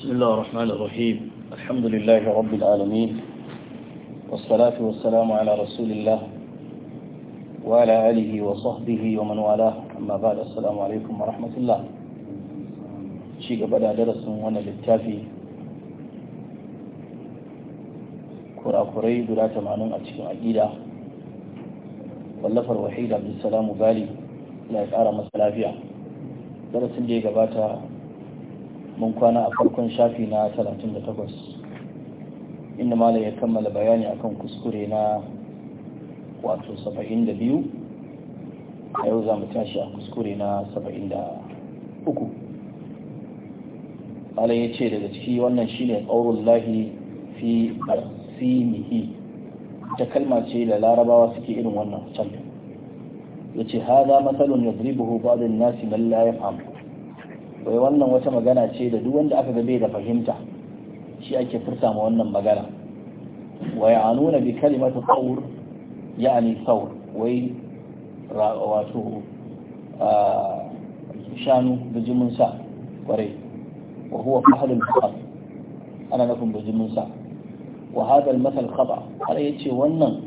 بسم الله الرحمن الرحيم الحمد لله رب العالمين والصلاة والسلام على رسول الله وعلى آله وصحبه ومن والاه أما بعد السلام عليكم ورحمة الله شيء بدأ درس وانا للتافي كرة كري بلا تمعنون أتشكم أجيلا واللفر وحيد عبد السلام بالي لا يتعرى مسلافيا درس اللي قباتا mun kwana a farkon shafi na 38 inda malam ya kammala bayani akan kuskure na wato 72 a yau za mu tashi a kuskure na 73 malam ya ce daga ciki wannan shine ƙaurin lahi fi arsimihi ta kalma ce da larabawa suke irin wannan can ya ce haza matsalon ya zribuhu ba'adun nasi man la ya famu bai wannan wata magana ce da duk wanda aka ga bai da fahimta shi ake furta ma wannan magana A nuna bi kalimatu thawr ya'ni saur. wai wato shanu bijimin sa kwarai wa huwa fahlul khab ana nufin bijimin sa wa hadha al-mathal khaba har yace wannan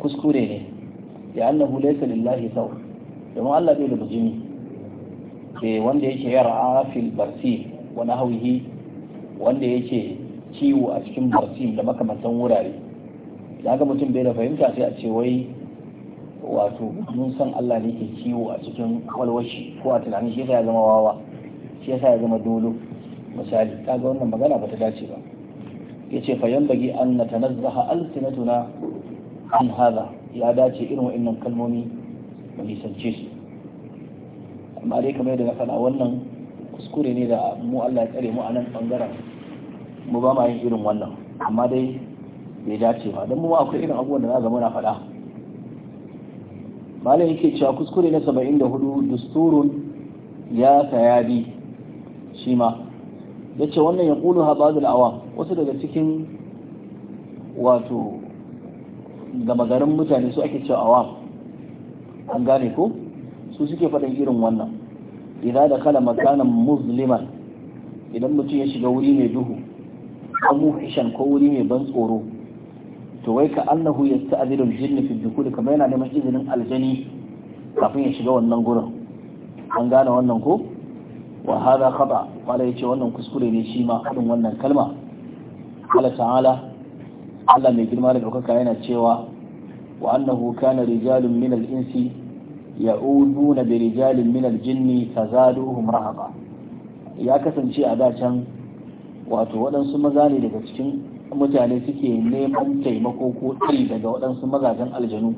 kuskure ne ya annahu laysa lillahi thawr domin Allah bai da bijimi Eh, wanda yake yara fil barsi wani hauhi wanda yake ciwo a cikin barsi da makamantan wurare da ga mutum bai da fahimta sai a ce wai wato mun san Allah ne ke ciwo a cikin walwashi ko a tunanin shi ya zama wawa shi yasa ya zama dolo misali kaga wannan magana bata dace ba yace fa yanbaghi an natanazzaha alsinatuna an hada ya dace irin wa'annan kalmomi mu lisance su amma dai kamar yadda na faɗa wannan kuskure ne da mu Allah ya tsare mu a nan bangaren mu ba ma yin irin wannan amma dai bai dace ba don mu akwai irin abubuwan da za zama na faɗa malam yake cewa kuskure na saba'in da hudu dusturun ya tayabi shi ma ya ce wannan ya ƙulu ha bazul awam wasu daga cikin wato gama garin mutane su ake cewa awa an gane ko su suke faɗin irin wannan idan da kala makanan musliman idan mutum ya shiga wuri mai duhu an muhishan ko wuri mai ban tsoro to wai ka annahu ya ta azirin jinni fi dukul kamar yana neman izinin aljani kafin ya shiga wannan gurin an gane wannan ko wa hada khata wala yace wannan kuskure ne shi ma hadin wannan kalma Allah ta'ala Allah mai girma da ɗaukaka yana cewa wa annahu kana rijalun min al-insi ya'uduna bi rijalin min al-jinni fazaduhum rahaqa ya kasance a can. wato waɗansu maza ne daga cikin mutane suke neman taimako ko tsari daga waɗansu mazajen aljanu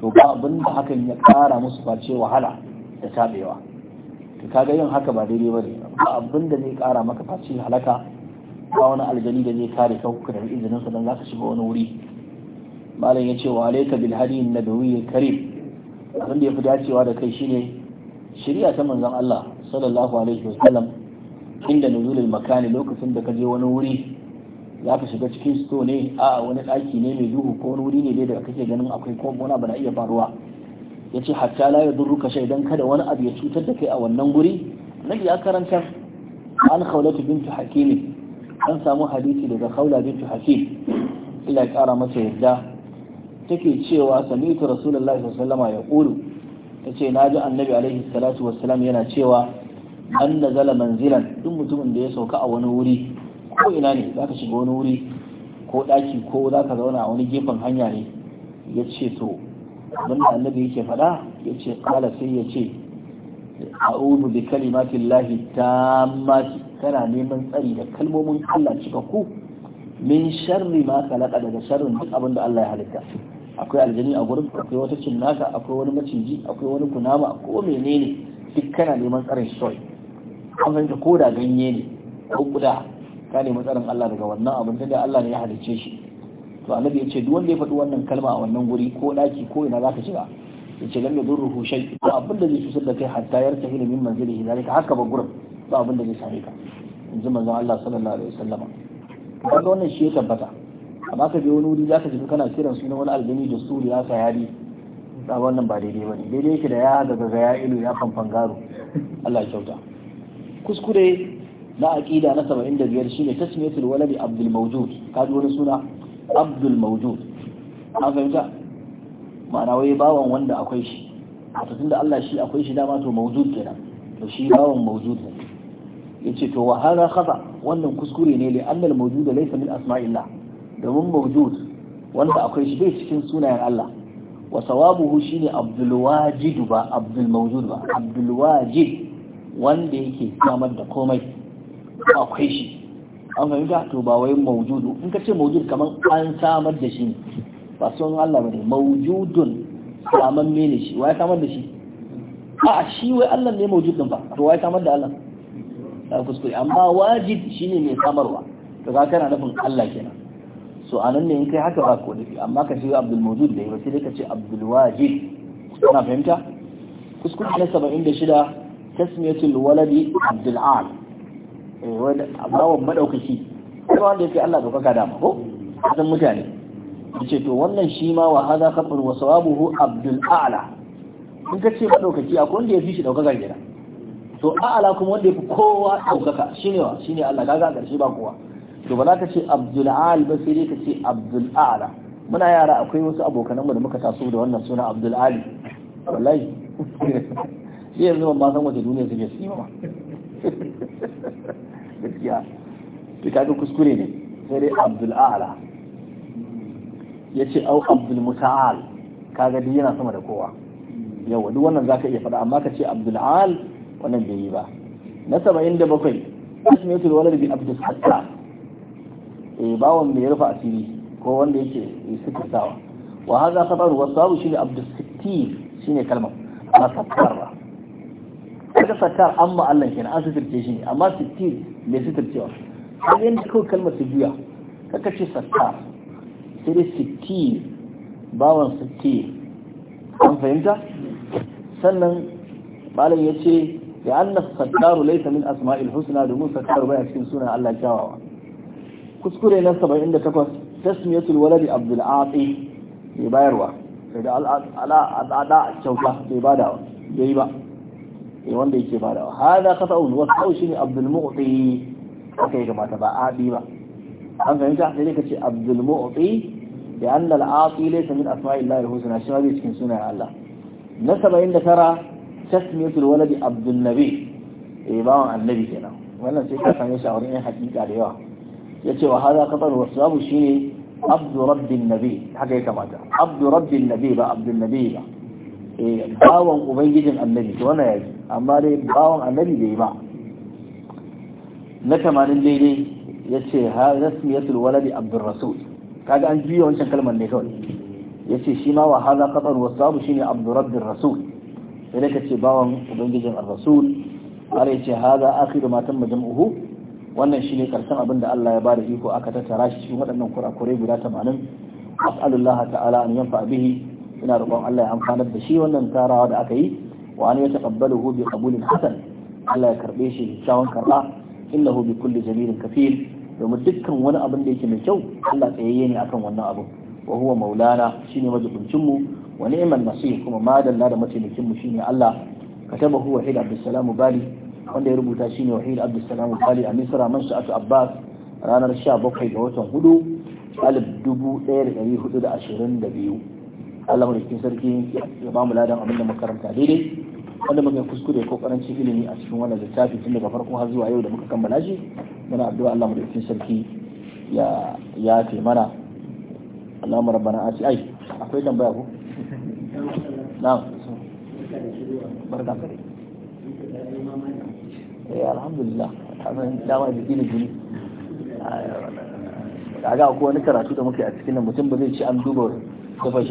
to ba abin da hakan ya ƙara musu face wahala da taɓewa to kaga yin haka ba daidai ba ne ba abin da zai ƙara maka face halaka ba wani aljani da zai kare ka kuka da izinin sa dan zaka shiga wani wuri malam ya ce wa alayka bil hadi nabawi karim abin da ya fi dacewa da kai shine shirya ta manzon Allah sallallahu alaihi wa sallam inda nuzulul makani lokacin da ka je wani wuri za ka shiga cikin sto ne a wani daki ne mai duhu ko wani wuri ne da kake ganin akwai ko wani abu na iya faruwa yace ce hatta la ya durruka dan kada wani abu ya cutar da kai a wannan guri nabi ya karanta an khawlatu bintu hakimi an samu hadisi daga khawla bintu hakim ila kara masa yadda take cewa sami'tu rasulullahi sallallahu alaihi ya ce na naji annabi alaihi salatu wassalam yana cewa an nazala manzilan duk mutumin da ya sauka a wani wuri ko ina ne zaka shiga wani wuri ko daki ko zaka zauna a wani gefen hanya ne ya ce to abin annabi yake faɗa ya ce kala sai ya ce a'udhu bi kalimatillahi tammati kana neman tsari da kalmomin Allah cika ku min sharri ma khalaqa daga sharrin duk abin Allah ya halitta akwai aljani a gurin akwai wata cinnaka akwai wani maciji akwai wani kunama ko menene duk kana neman tsarin soy. an ta ko da ganye ne ko kuda ka nemi tsarin Allah daga wannan abin da Allah ne ya halicce shi to annabi yace duk wanda ya faɗi wannan kalma a wannan guri ko daki ko ina zaka shiga yace lam yadurruhu shay To abin da zai cutar da kai hatta hina min manzilihi zalika haka ba gurin ba abin da zai sare ka in ji manzon Allah sallallahu alaihi wasallama kaga wannan shi ya tabbata amma ka je wani wuri za ka tafi kana kiran sunan wani aljani da suri ya yari. ba wannan ba daidai ba ne daidai yake da ya daga ya ilu ya fanfan garo Allah kyauta kuskure na aqida na 75 shine tasmiyatul waladi abdul mawjud ka ji wani suna abdul mawjud an fahimta ma'ana wai bawan wanda akwai shi a da Allah shi akwai shi dama to mawjud kenan to shi bawan mawjud ne yace to wa hada khata wannan kuskure ne li annal mawjud laysa min asma'illah domin mawjud wanda akwai shi bai cikin sunayen Allah wa sawabuhu shine abdul wajid ba abdul mawjud ba abdul wajid wanda yake samar da komai akwai shi an fahimta to ba wai mawjudu in ka ce mawjud kamar an samar da shi ba son Allah bane mawjudun saman mene shi wai samar da shi a shi wai Allah ne din ba to wai samar da Allah ta kuskure amma wajid shine mai samarwa to ga kana nufin Allah kenan so a nan ne in kai haka ba ko dafi amma ka ce abdul mawjud da yawa sai dai ka ce abdul wajib kana fahimta kuskure na 76 tasmiyatul waladi abdul al eh wanda abawan madaukaki sai wanda yake Allah da kaka dama ko san mutane yace to wannan shi ma wa hada qabr wa sawabuhu abdul a'la in ka ce madaukaki akwai wanda ya fi shi daukaka gida to a'ala kuma wanda ya fi kowa daukaka shine wa shine Allah kaga a ƙarshe ba kowa to ba za ka ce abdul ba sai dai ka ce abdul muna yara akwai wasu abokanan mu da muka taso da wannan suna abdul ali wallahi shi yanzu ban ma san wace duniya suke su ma. gaskiya to kaga kuskure ne sai dai abdul a'la yace au abdul muta'al kaga duk yana sama da kowa yawa duk wannan zaka iya faɗa amma ka ce abdul wannan bai yi ba na 77 asmiyatul walad bi abdul hatta eh bawan mai rufa asiri ko wanda yake sitirtawa wa hadha khabar wa sabu shi abdus sittin shine kalmar amma sattarra kaga sakkar amma Allah kenan an sitirce shi ne amma sittin mai sitircewa har yanda kawai kalmar su juya kaka ce sattar sai dai sittin bawan sittin an fahimta sannan malam ya ce da annas sattaru laysa min asma'il husna domin sattaru baya cikin sunan Allah kyawawa kuskure na 78 tasmiyatul waladi abdul aqi bai bayarwa sai da al'ada kyauta bai badawa, bai ba eh wanda yake badawa hada qata'un wa sau shine abdul mu'ti akai ga mata ba adi ba an fahimta sai dai kace abdul mu'ti da anna al-aqi laysa min asma'illahi al-husna shi ma bai cikin sunan Allah na 79 tasmiyatul waladi abdul nabi eh bawan annabi kenan wannan sai ka same shi a wurin hakika da yawa yace wa hada qatar wa sabu shine abdu rabbin nabi haka ya kamata abdu nabi ba abdun nabi ba eh bawan ubangijin annabi to wani yaji amma dai bawan annabi bai ba na tamanin daidai yace ha rasmiyatul waladi abdur rasul kaga an juya wancan kalmar ne kawai yace shi ma wa hada qatar wa sabu shine abdu rabbin rasul sai ka ce bawan ubangijin ar-rasul har yace hada akhiru matan tamma jam'uhu wannan shine karshen abin da Allah ya bada iko aka tattara shi cikin waɗannan kurakurai guda 80 as'alullaha ta'ala an yanfa bihi ina roƙon Allah ya amfanar da shi wannan tarawa da aka yi wa an yataqabbaluhu bi qabulin hasan Allah ya karbe shi kyawun karba innahu bi kulli jamilin kafil domin dukkan wani abin da yake mai kyau Allah tsayayye ne akan wannan abu wa huwa maulana shine majibincin mu wa ni'mal nasir kuma madalla da mataimakin mu shine Allah katabahu wa hid Abdulsalam Bali wanda ya rubuta shine wahid abdussalam al-qali a misra man sha'atu abbas ranar 17 ga watan hudu alif dubu ɗaya da ɗari hudu da ashirin da biyu Allah mu sarki ya ba mu ladan abin da karanta daidai wanda muka kuskure ko karancin ilimi a cikin wannan littafi tun daga farko har zuwa yau da muka kammala shi muna addu'a Allah mu sarki ya ya ce mana Allah mu rabbana ati ai akwai tambaya ko na'am barka da alhamdulillah dama jiki karatu da muke a cikin nan mutum ba zai ci an duba kafa a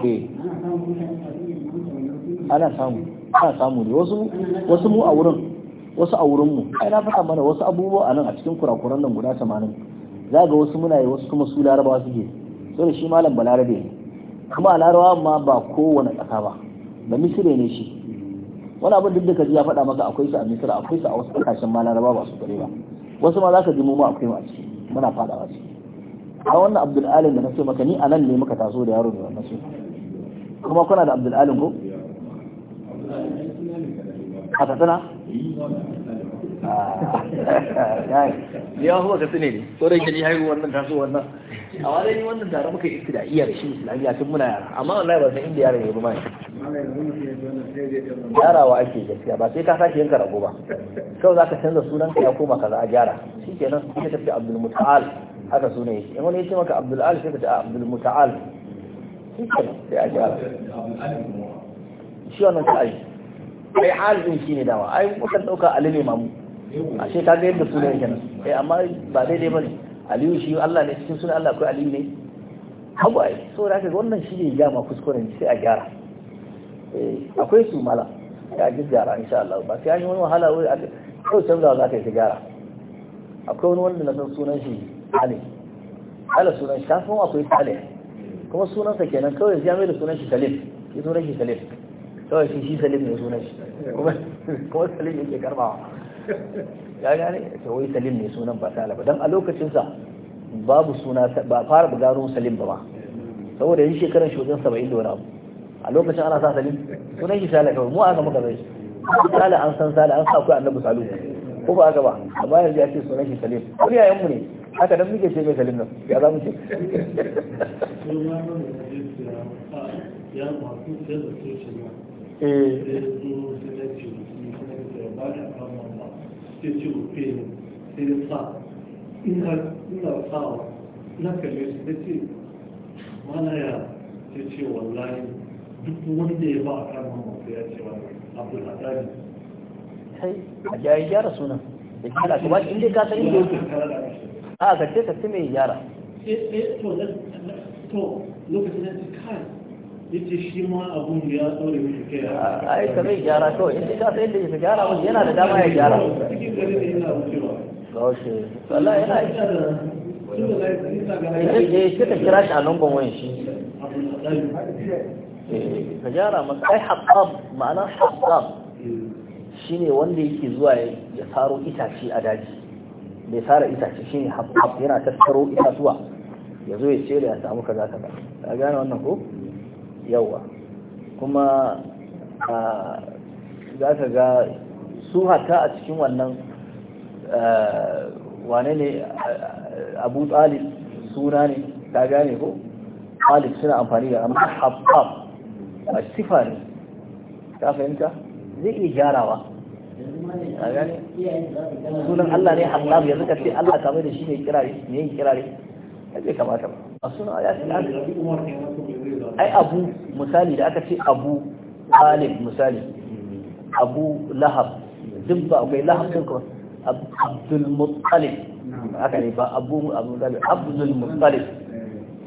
eh, eh. ana samu ana samu ne wasu mu a wurin wasu a wurinmu ai na faɗa mana wasu abubuwa a nan a cikin kurakuran nan guda tamanin za ga wasu muna yi wasu kuma su larabawa suke da shi malam balarabe ne kuma a larabawa ma ba kowane ƙasa ba da misira ne shi wani abin duk da ka ji ya faɗa maka akwai su a misira akwai su a wasu ƙasashen ma larabawa ba su kare ba wasu ma za ka ji mu ma akwai mu a ciki muna faɗawa ciki a wannan abdul da na ce maka ni a nan ne muka taso da yaro da wannan su kuma kuna da abdul ko a katsina? Ah. ya huwa katsina ne ko da ni haihu wannan taso wannan a wadai ni wannan tare muka iya da iyar shi islamiyya tun muna yara amma wallahi ba san inda yaran ya bi mai wa ake gaskiya ba sai ka sake yanka rago ba kawai za ka canza sunan ka ya koma kaza a gyara shi kenan ita tafi abdul muta'al haka sunan yake in wani ya ce maka abdul al sai ka ce ah, abdul muta'al shi kenan sai a gyara shi wannan ta aiki ai hal din ne dawa ai mukan dauka ne mamu ashe kaga yadda su ne kenan eh amma ba daidai bane aliyu shi Allah ne cikin sunan Allah akwai ali ne hagu ai so da kaga wannan shi ne ya ma kuskuren sai a gyara eh akwai su mala ya ji gyara insha Allah ba sai an yi wani wahala wai kawai canzawa za ka yi gyara akwai wani wanda na san sunan shi Ali ala sunan shi kafin akwai Salih kuma sunansa kenan kawai ya mai da sunan shi Salif ya sunan shi Salif kawai shi shi salim ne sunan shi kuma salim yake karbawa ya gane ta wai salim ne sunan ba sala ba don a lokacinsa babu suna ba fara bugarun salim ba ma saboda yin shekarar shugan saba'in da wani abu a lokacin ana sa salim sunan shi sala kawai mu aka muka zai Sale an san Sale an sa kuwa annabi salu ko ba aka ba amma yanzu ya ce sunan shi salim wani mu ne haka dan muke ce mai salim nan ya za mu ce ya na kalle su ta ce mana ya ta ce duk wanda ya ba a kan mamaka ya ce wani abu na dani kai a gyara sunan da ke da kuma inda ka sani da yake a ka ce ka ce mai gyara eh, eh, ita shi ma abun ya tsore kai gyara in ka sai da ya gyara da dama ya gyara cikin gari da yana wucewa yana eh, eh, kira shi a lungun wayan shi eh, ka ma'ana shi shine wanda yake zuwa ya saro itace a daji mai sara itace shine haqqab yana ta tattaro itatuwa ya zo ya cire ya samu kaza kaza ka gane wannan ko yawa kuma za ka ga su hata a cikin wannan wane ne abu talib suna ne ta gane ko talib suna amfani da amma habbab a sifa ne ta fahimta zai iya gyarawa sunan Allah ne habbab yanzu ka ce Allah kamar da shi ne kirare ne kirare ya ce kamata ba a suna ya fi ai abu misali da aka ce abu alif misali abu lahab duk ba akwai lahab din ko abdul muttalib aka ne ba abu abu talib abdul muttalib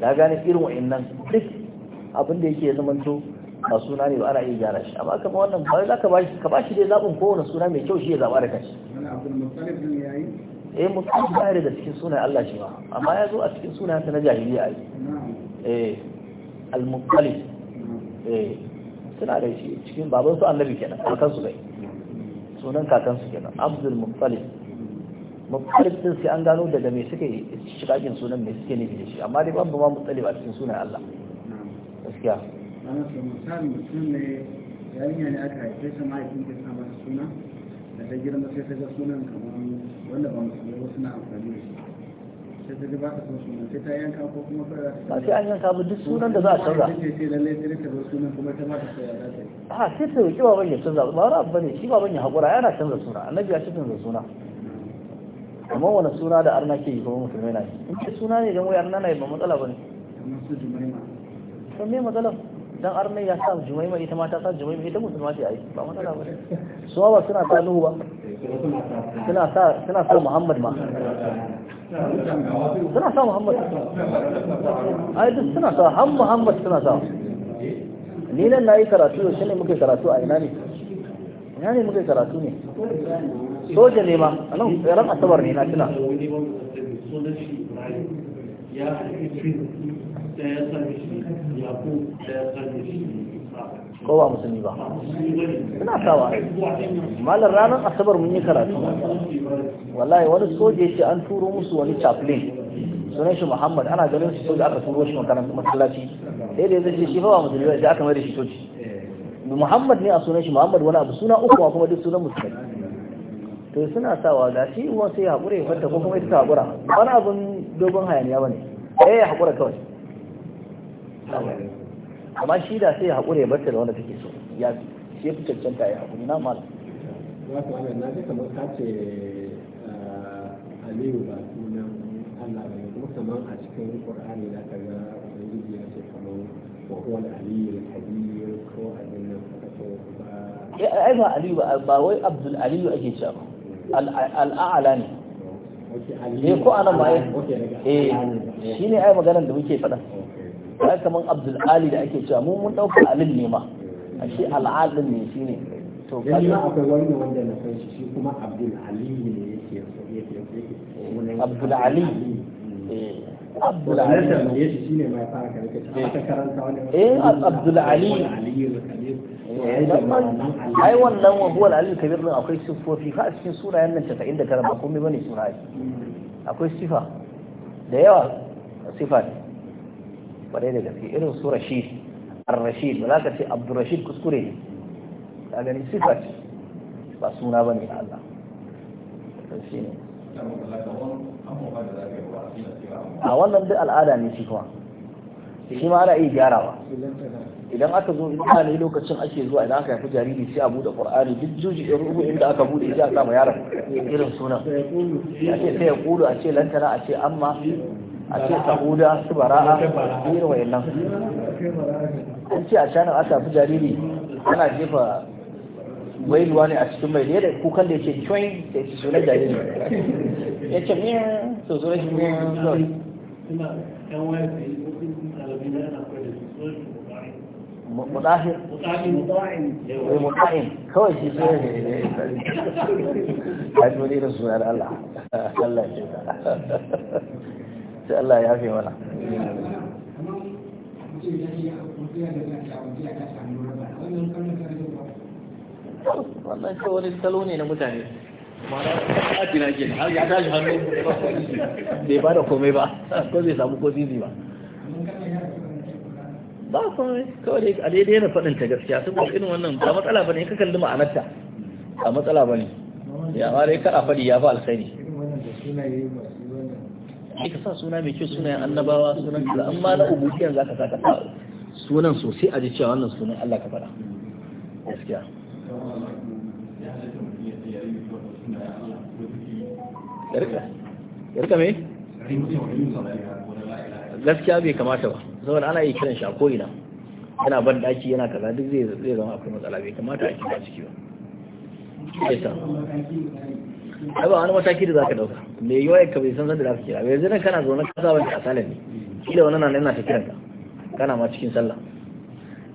da gane irin wa'annan duk abin da yake zaman to ba suna ne ba ana iya gyara shi amma kama wannan ba za ka bashi ka bashi dai zaɓin kowane suna mai kyau shi ya zaɓa da kanshi eh mutum ba da cikin sunan Allah shi ba amma ya zo a cikin sunan ta na jahiliya ai eh al-muqallid eh, suna da shi cikin baban su annabi kenan kakan su bai sunan kakan su kenan abdul muqallid muqallid sun sai an gano daga me suke shikakin sunan me suke nufi da shi amma dai babu ma muqallid ba cikin sunan Allah gaskiya ana so misali mutum ne yarinya ne aka haife shi mahaifin ta sa masa suna da ta girma sai ta ga sunan kamar wanda ba musulmi wasu na amfani da shi ba ta sai ta ta yanka ko kuma sai an yanka ba duk sunan da za a canza a sai ta roƙi baban ya canza ba wani abu ne shi baban ya haƙura yana canza suna annabi ya canza suna amma wani suna da arna ke yi kuma musulmai na yi in ce suna ne don wai arna na yi ba matsala ba ne to me matsala dan arna ya sa jumaima ita ma ta sa jumaima ita ma ce ai ba matsala ba ne su ba suna ta nuhu ba suna sa muhammad ma suna sa muhammad yi duk suna sa han muhammad suna sa ni nan na yi karatu shi ne muke karatu a ina ne ina ne muke karatu ne soja ne ma a nan ran asabar ne na tuna ya ya ko ba musulmi ba suna sawa malar ranar asabar mun yi karatu wallahi wani soja ce an turo musu wani chaplain sunan shi muhammad ana ganin su soja aka turo shi makarantar masallaci sai da ya zai shi fa ba musulmi ba sai aka mai da shi soji muhammad ne a sunan shi muhammad wani abu suna uku kuma duk sunan musulmi to suna sawa da shi uwan sai ya haƙura ya fata ko kuma ita ta haƙura wani abun dogon hayaniya ba ne ɗaya eh, ya haƙura kawai amma shi da sai ya haƙura ya barta da wanda take so ya shi fi cancanta ya haƙuri na malam za wannan na ji kamar ce eh, aliyu ba sunan allah ba kuma kamar a cikin qur'ani za ka ga ubangiji ya ce kamar wa huwa aliyu kabir ko abin nan ka ce ba eh, ai ba aliyu ba ba wai abdul aliyu ake cewa al'a'ala ne eh ko anan ya? eh ne ai maganar da muke faɗa ai kaman Abdul Ali da ake cewa mu mun ɗauka alil ne ma a shi al'adin ne shi ne. to kaji akwai wanda wanda na san shi kuma Abdul Ali ne yake yake yake Abdul Ali Abdul Ali eh, ne shine mai fara karanta eh Abdul Ali ai wannan wa huwa al kabir din akwai sifofi fa a cikin sunayen nan 99 ba komai bane suna hmm. akwai sifa da yawa sifa ne kwarai da gaske irin su rashid ar-rashid ba za ka ce abdurrashid kuskure ne ka gani sifa ce ba suna ba ne Allah shi ne a wannan duk al'ada ne shi kuma shi ma ana iya gyarawa idan aka zo ina ne lokacin ake zuwa idan aka haifi jariri sai a bude qur'ani duk juji in rubu inda aka buɗe, sai a samu ma yaron irin sunan a ce sai ya kulu a ce lantana a ce amma a ce sa'uda su bara'a irin wa'annan an ce a shanin asa fi jariri ana jefa wailuwa ne a cikin mai ne da kukan da ce cuin da ce sunan jariri ya ce min su zuwa shi min zon mutahin mutahin kawai shi zuwa ne ya yi wani irin sunan Allah Allah ya ce sai Allah ya yafe mana wannan shi wani salo ne na mutane ma'ana ke har ya tashi hannu bai ba da komai ba ko zai samu ko zizi ba ba ne kawai a daidai na faɗin ta gaskiya kuma irin wannan ba matsala bane ka kalli ma'anarta a matsala bane ya ma dai kara faɗi ya fi alkhairi sai ka sa suna mai kyau sunayen annabawa sunan kaza amma na ubudiyar za ka sa ka sa sunan sosai a ji cewa wannan sunan Allah ka fara gaskiya yarka me gaskiya bai kamata ba saboda ana yi kiran shi a yana ban daki yana kaza duk zai zama akwai matsala bai kamata a kira ciki ba ai ba wani mataki da za ka dauka me yoyin ka yi san sanda za ka kira yanzu nan kana zaune ka saba ka asalin ne kila wani na yana ta kiranka kana ma cikin sallah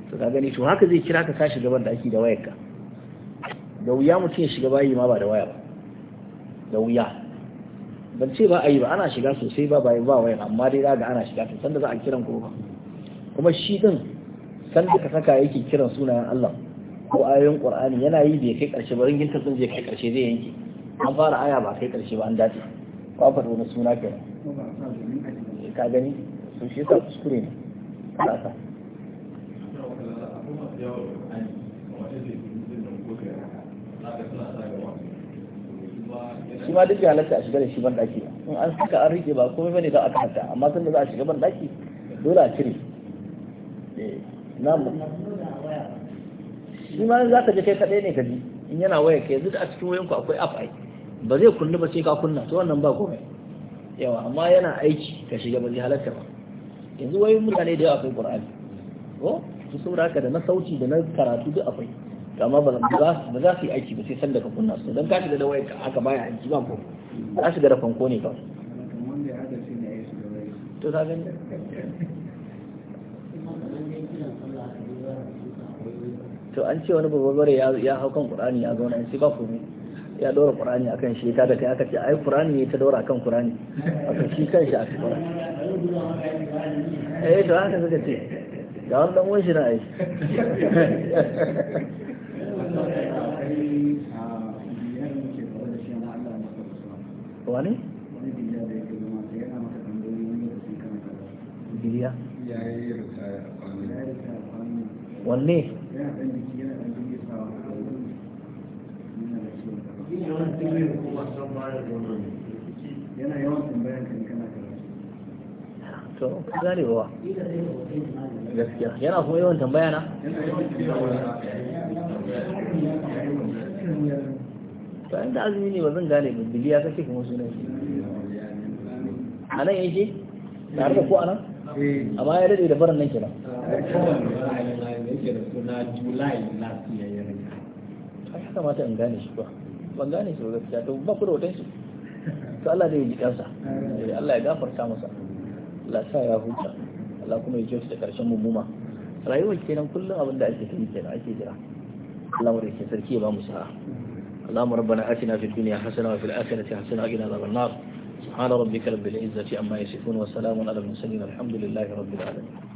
to ka gani to haka zai kira ka ka shiga da ake da wayar ka da wuya mutum ya shiga bayi ma ba da waya ba da wuya ban ce ba a yi ba ana shiga sosai ba ba ba wayar amma dai za ga ana shiga to sanda za a kiran ko ba kuma shi din sanda ka saka yake kiran sunayen Allah ko ayoyin Qur'ani yana yi bai kai karshe ba ringin tafsirin zai kai karshe zai yanke an fara aya ba kai karshe ba an dace ko faɗo wani suna ke ka gani su shi sa kuskure ne ka sa shi ma duk halatta a shiga da shi ban daki in an saka an rike ba komai bane za a kanta amma tun da za a shiga ban daki dole a cire eh, na mu shi ma za ka je kai kaɗai ne ka ji in yana waya ka yanzu da a cikin wayanku akwai app ai ba zai kunni ba sai ka kunna to wannan ba komai yawa amma yana aiki ka shiga ba zai halarta ba yanzu wai mutane da yawa akwai qur'ani ko su saboda haka da na sauti da na karatu duk akwai to amma ba ba za su yi aiki ba sai san da ka kunna su dan ka shiga da wayar aka baya aiki ba ko za su da fanko ne kawai to ka gani to an ce wani babbar ya hau kan qur'ani ya zauna sai ba komai ya ɗora qur'ani a kan shi kaga kai aka ce ai qur'ani ne ta ɗora kan ƙurani aka shi kan shi a cikin eh to haka suka ce ga wani shi na aiki wani? yana yawan tambayar kan kana to gane ba gaskiya yana kuma yawan tambaya na to inda azumi ne ba zan gane ba biliya kake kuma sunan shi a nan yake tare da ko a nan eh. amma ya daɗe da barin nan kenan ya kamata in gane shi ba ban gane shi gaskiya to ba ku da hoton shi to Allah zai ji kansa eh, Allah ya gafarta masa Allah sa ya huta Allah kuma ya ji shi da karshen mummuma rayuwar kenan kullum abin da ake yi kenan ake jira Allah mu rike sarki ya ba mu sa'a اللهم ربنا آتنا في الدنيا حسنة وفي الآخرة حسنة وقنا عذاب النار سبحان ربك رب العزة عما يصفون وسلام على المرسلين الحمد لله رب العالمين